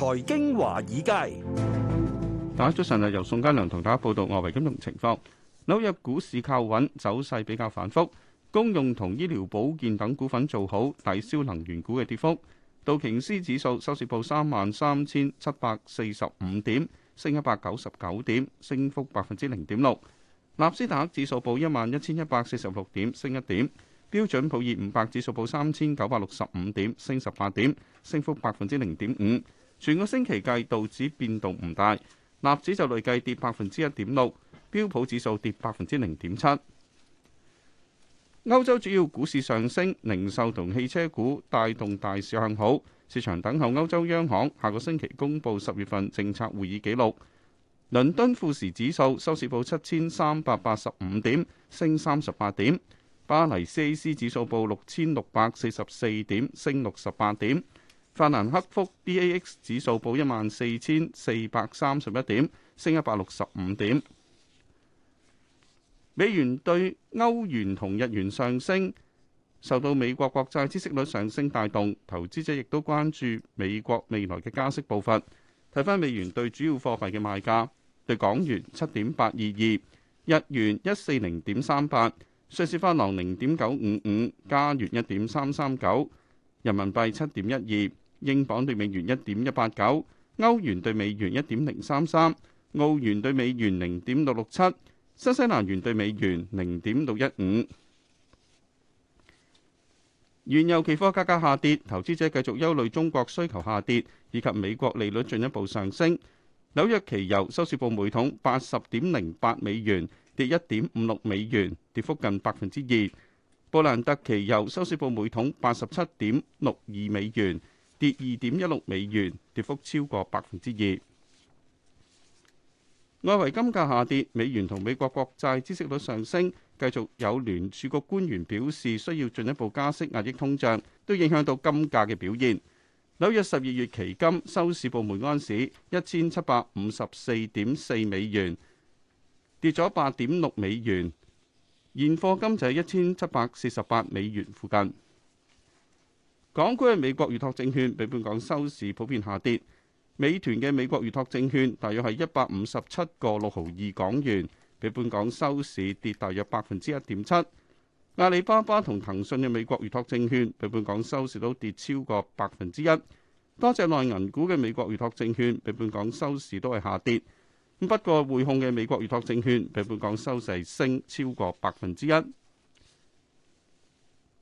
財經華爾街，大家早晨，由宋嘉良同大家報道外圍金融情況。紐約股市靠穩，走勢比較反覆。公用同醫療保健等股份做好抵消能源股嘅跌幅。道瓊斯指數收市報三萬三千七百四十五點，升一百九十九點，升幅百分之零點六。納斯達克指數報一萬一千一百四十六點，升一點。標準普爾五百指數報三千九百六十五點，升十八點，升幅百分之零點五。全個星期計，道指變動唔大，納指就累計跌百分之一點六，標普指數跌百分之零點七。歐洲主要股市上升，零售同汽車股帶動大市向好。市場等候歐洲央行下個星期公布十月份政策會議記錄。倫敦富時指數收市報七千三百八十五點，升三十八點。巴黎 CAC 指數報六千六百四十四點，升六十八點。法蘭克福 DAX 指數報一萬四千四百三十一點，升一百六十五點。美元對歐元同日元上升，受到美國國債孳息率上升帶動。投資者亦都關注美國未來嘅加息步伐。睇翻美元對主要貨幣嘅賣價，對港元七點八二二，日元一四零點三八，瑞士法郎零點九五五，加元一點三三九，人民幣七點一二。英鎊兌美元一點一八九，歐元兌美元一點零三三，澳元兌美元零點六六七，新西蘭元兌美元零點六一五。原油期貨價格下跌，投資者繼續憂慮中國需求下跌以及美國利率進一步上升。紐約期油收市報每桶八十點零八美元，跌一點五六美元，跌幅近百分之二。布蘭特期油收市報每桶八十七點六二美元。跌二點一六美元，跌幅超過百分之二。外圍金價下跌，美元同美國國債孳息率上升，繼續有聯儲局官員表示需要進一步加息壓抑通脹，都影響到金價嘅表現。紐約十二月期金收市報每安市一千七百五十四點四美元，跌咗八點六美元。現貨金就係一千七百四十八美元附近。港股嘅美國預託證券比本港收市普遍下跌，美團嘅美國預託證券大約係一百五十七個六毫二港元，比本港收市跌大約百分之一點七。阿里巴巴同騰訊嘅美國預託證券比本港收市都跌超過百分之一。多隻內銀股嘅美國預託證券比本港收市都係下跌。不過匯控嘅美國預託證券比本港收市升超過百分之一。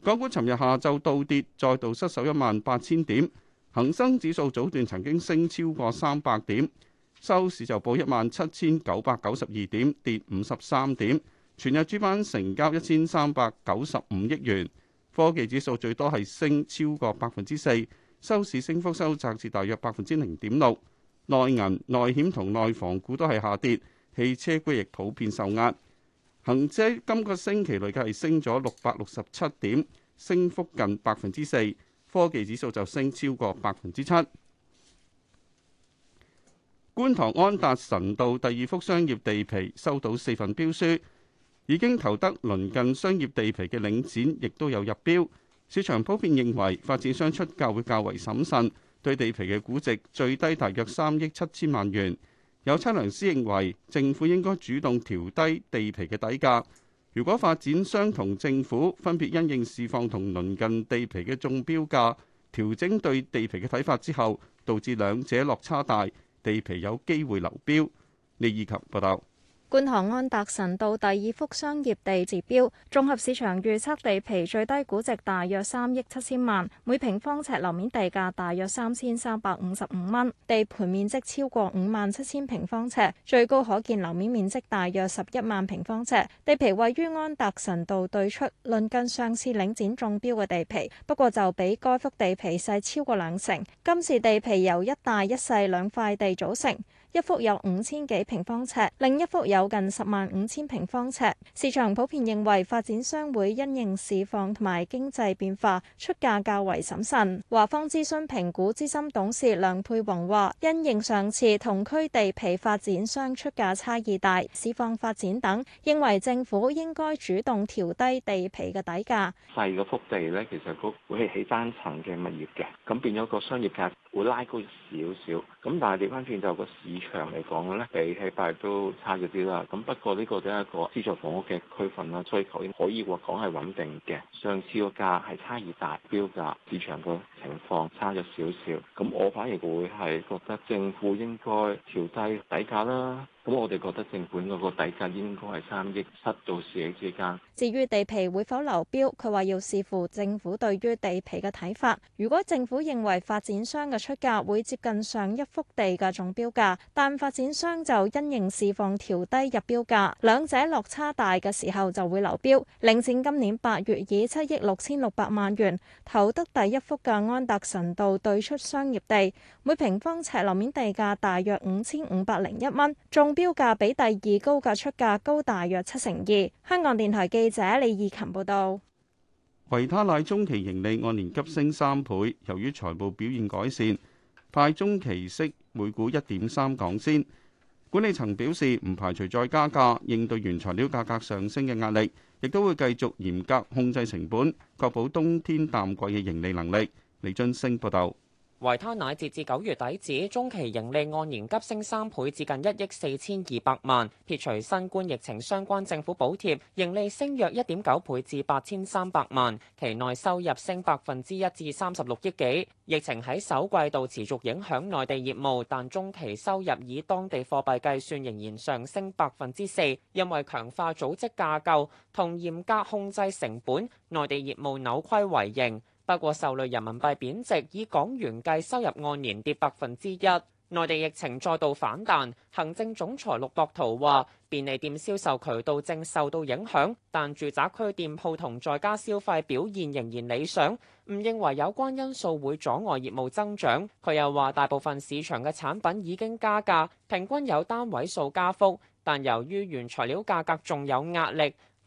港股尋日下晝倒跌，再度失守一萬八千點。恒生指數早段曾經升超過三百點，收市就報一萬七千九百九十二點，跌五十三點。全日主板成交一千三百九十五億元。科技指數最多係升超過百分之四，收市升幅收窄至大約百分之零點六。內銀、內險同內房股都係下跌，汽車股亦普遍受壓。恒指今個星期累計升咗六百六十七點，升幅近百分之四。科技指數就升超過百分之七。觀塘安達臣道第二幅商業地皮收到四份標書，已經投得鄰近商業地皮嘅領展，亦都有入標。市場普遍認為發展商出價會較為審慎，對地皮嘅估值最低大約三億七千萬元。有測量師認為，政府應該主動調低地皮嘅底價。如果發展商同政府分別因應市況同鄰近地皮嘅中標價調整對地皮嘅睇法之後，導致兩者落差大，地皮有機會流標。李義及報道。觀塘安達臣道第二幅商業地截標，綜合市場預測地皮最低估值大約三億七千萬，每平方尺樓面地價大約三千三百五十五蚊，地盤面積超過五萬七千平方尺，最高可見樓面面積大約十一萬平方尺。地皮位於安達臣道對出，鄰近上次領展中標嘅地皮，不過就比該幅地皮細超過兩成。今次地皮由一大一細兩塊地組成。一幅有五千幾平方尺，另一幅有近十萬五千平方尺。市場普遍認為發展商會因應市況同埋經濟變化出價較為審慎。華方諮詢評估資深董事梁佩宏話，因應上次同區地皮發展商出價差異大，市況發展等，認為政府應該主動調低地皮嘅底價。細嗰幅地咧，其實嗰會係起單層嘅物業嘅，咁變咗個商業價會拉高少少。咁但係你翻轉就個市。市場嚟講咧，比起八月都差咗啲啦。咁不過呢個都係一個資助房屋嘅區分啦，所以需求可以話講係穩定嘅。上次個價係差異大標價，市場個情況差咗少少。咁我反而會係覺得政府應該調低底價啦。咁我哋覺得政府嗰個底價應該係三億七到四億之間，至於地皮會否流標，佢話要視乎政府對於地皮嘅睇法。如果政府認為發展商嘅出價會接近上一幅地嘅中標價，但發展商就因應市況調低入標價，兩者落差大嘅時候就會流標，領展今年八月以七億六千六百萬元投得第一幅嘅安達臣道對出商業地，每平方尺樓面地價大約五千五百零一蚊，中。標價比第二高價出價高大約七成二。香港電台記者李義勤報道。維他奶中期盈利按年急升三倍，由於財務表現改善，派中期息每股一點三港仙。管理層表示唔排除再加價，應對原材料價格上升嘅壓力，亦都會繼續嚴格控制成本，確保冬天淡季嘅盈利能力。李津星報道。維他奶截至九月底止，中期盈利按年急升三倍至近一億四千二百萬，撇除新冠疫情相關政府補貼，盈利升約一點九倍至八千三百萬，期內收入升百分之一至三十六億幾。疫情喺首季度持續影響內地業務，但中期收入以當地貨幣計算仍然上升百分之四，因為強化組織架構同嚴格控制成本，內地業務扭虧為盈。不過受累人民幣貶值，以港元計收入按年跌百分之一。內地疫情再度反彈，行政總裁陸博圖話：便利店銷售渠道正受到影響，但住宅區店鋪同在家消費表現仍然理想，唔認為有關因素會阻礙業務增長。佢又話：大部分市場嘅產品已經加價，平均有單位數加幅，但由於原材料價格仲有壓力。